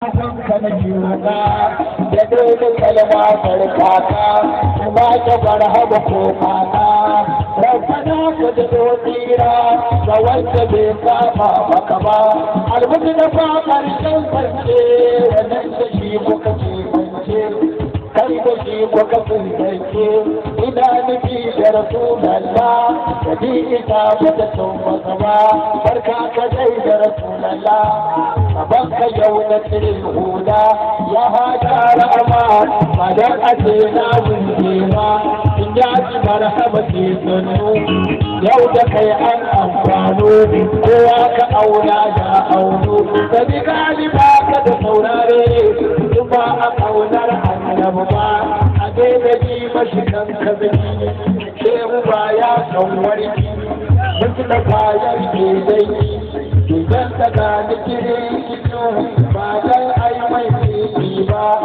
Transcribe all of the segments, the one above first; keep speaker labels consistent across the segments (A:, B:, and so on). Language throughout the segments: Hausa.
A: kan juna da dole kalma farkaka ta farhaba ko kaka rabbana ka da dotira wanda bai kafa ba almutu da da shi kuka ce ni da shi da rasulalla ka bi ita bata tauba gaba barka da rasulalla kaban ka yau na tirin hula ya hada ra'ama madar ake na ji marhaba yau da kai an amfano kowa ka auna da auno ka da ba a ƙaunar annabu ba a daina ji mashi kan kazaki shehu ba ya kan warki mustapha ya ke dai idan daga nikiri ito ba dan ai mai kiki ba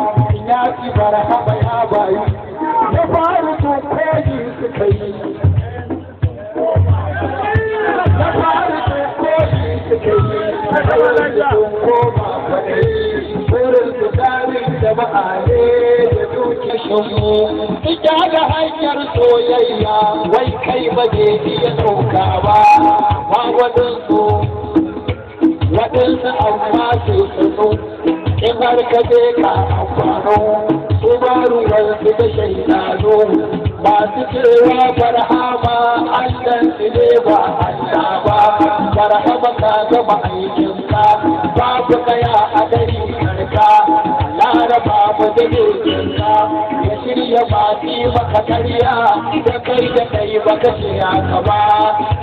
A: ya ci barhaba ya bayi ya faru su koji suka yi ya faru su koji suka yi baƙaƙe da dukishinmu ita da hanyar soyayya wai kai ba zai iya ɗauka ba ba waɗansu waɗansu amma su tsaro in har ka je ka amfano su ba ruwansu da shaidano masu cewa farhama Allah su ne ba Allah ba farhama ka gama aikinka babu kaya a gari karka ya faɗi maka karya da kai da kai baka ce ya ba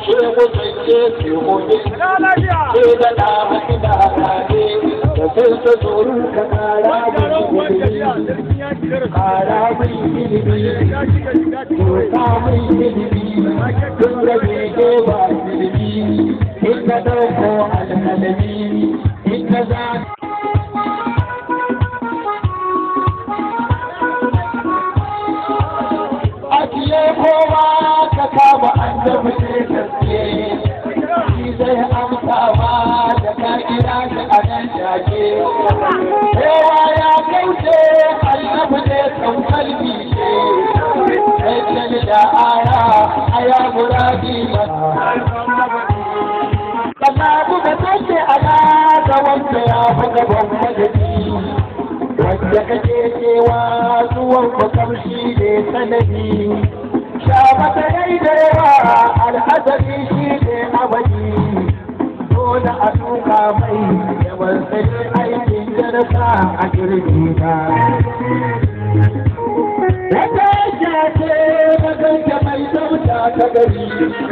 A: shi mutum ce ce gobe ce da na mafi da alade da sai ta tsoron ka kara mai ilimi kara mai ilimi tota mai ilimi tun da ke ba ilimi in ɗauko alƙalami wanda ya faɗa ban madadi wanda kake cewa zuwan makamshi ne sanadi sha mata da yawa al'adari shi ne abadi dole a tuka mai yawan sai aikin jarfa a jirgin ka wata yake ce maganta mai sauta ta gari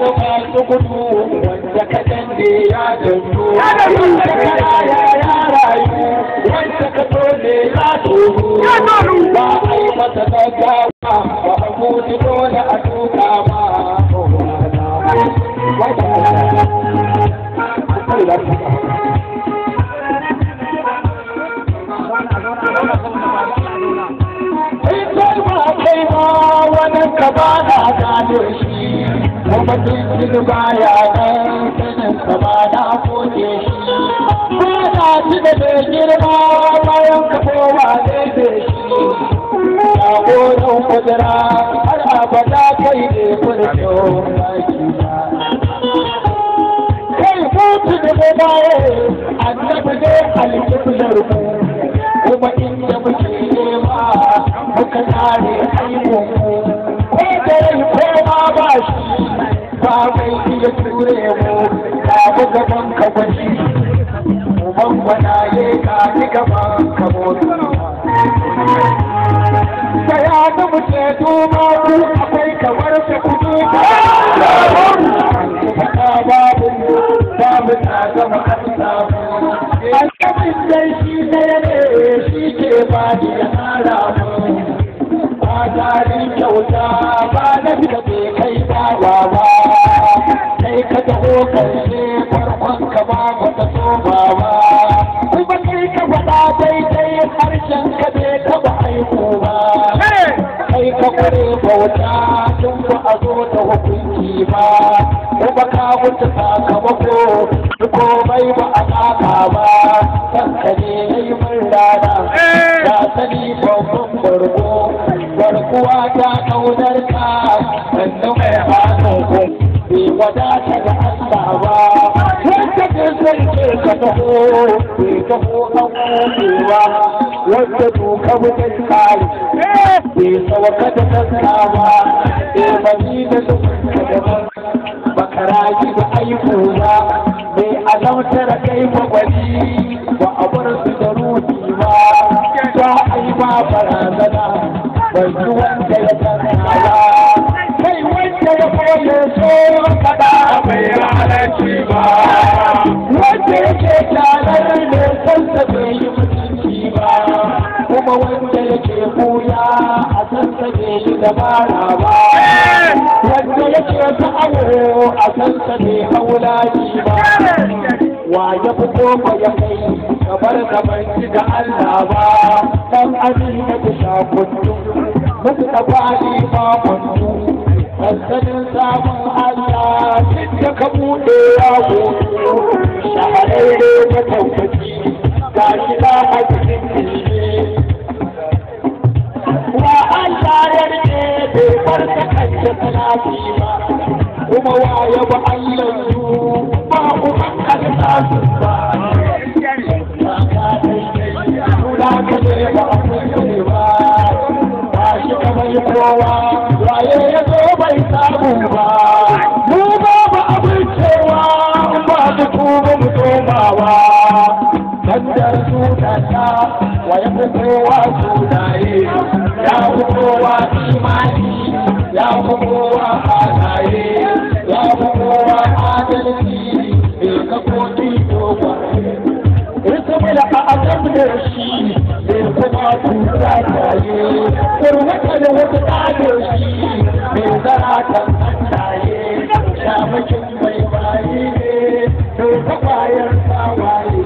A: garba su gudu ya dandu wanda ya rayu wanda ka ya tohu ba a yi a gudu dole a tuka ba Wani ba na gano shi kuma duk baya nan sanin sa ba ci da girma bayan kafowa daidai shi ya goron kudura har kai ne da bai annabi ne alƙiblar ku kuma inda muke nema muka tare haihuwa ture mu ta buga ban ka gwaji uban gwanaye ka ni gaban ka mutu da ya ta mutu duba ku akwai kamar ta kudu ta babu ta mu ta gama kanta an kabin dai shi ne shi ke ba ni ya tsara mu ba ta kyauta ba na fi da kai dawa wuce sakamako komai ba a kaka ba kanka ne ya yi min rana ta eh. sani babban barko barkuwa ta kaunar ka sannu mai hannun ku bai wadata da Allah ba wanda ke son ke ka taho bai taho an ba, wanda duka mutum kare eh. bai sauka da kanka ba bai mani da dukkan da a da aiko ba mai azautar kai magwani ba a bar su da rufi ba ba a yi ba su ban wanda ya tsaka ba kai wanda ya kwaye so kada bai ranarci ba wanda ke tarar ne kansa bai yi mutunci ba kuma wanda yake kuya a sa bai yi dabara ba wanda yake awo a kansa ne haulaji ba wa ya fito ba ya kai kamar da ban ci da Allah ba dan abin da ku sha kuntu muku da fadi ba kuntu sansanin samun Allah shi da ka bude ya hutu shahararre ta tabbaci ga shi na a cikin wa Allah ne bai farka kanta talafi ba kuma wa ya ba Allah su ba ku ta nasu ba kula ka ne ba a kuskure ba ba shi yi kowa waye ya zo bai samu ba mu ba ba abin cewa ba da tuba mu tomawa eu vou bai kuma kura taye kurmata da wata ta da shi bai zara ta taye shamakin mai bayi ne bai kwayar tawaye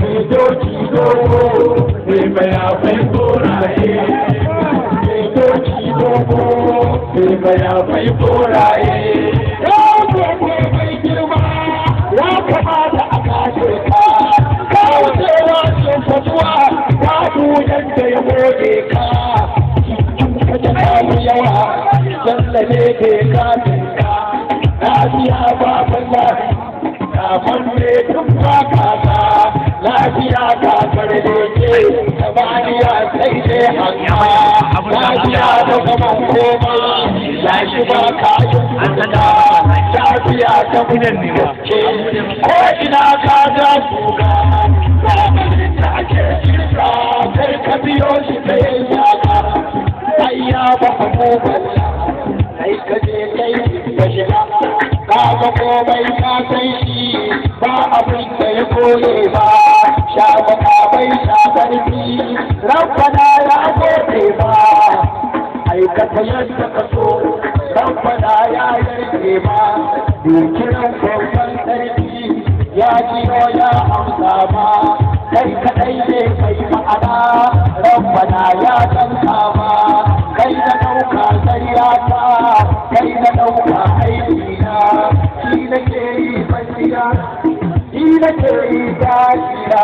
A: mai doki dogo mai mayafai koraye mai doki dogo mai mayafai koraye yawa sallame ke ka na biya baban lafi kafin ne tun ba kasa lafiya ka karbe ke tabaniya sai dai hanka lafiya da zaman koma lashi ba ka da lafiya ta mutum ce ko ina ka ga kuka ko balla kai ka je kai shiga ka komai ka sai ba abin da ya koye ba sha makamai sha karfi rabbana ya gode ba aikata yadda ka so rabbana ya yarde ba dukiran babban sarki ya jiyo ya amsa ba kai kaɗai ne kai ma'ana rabbana ya san ba ni yi fasiya ni nake yi tashiya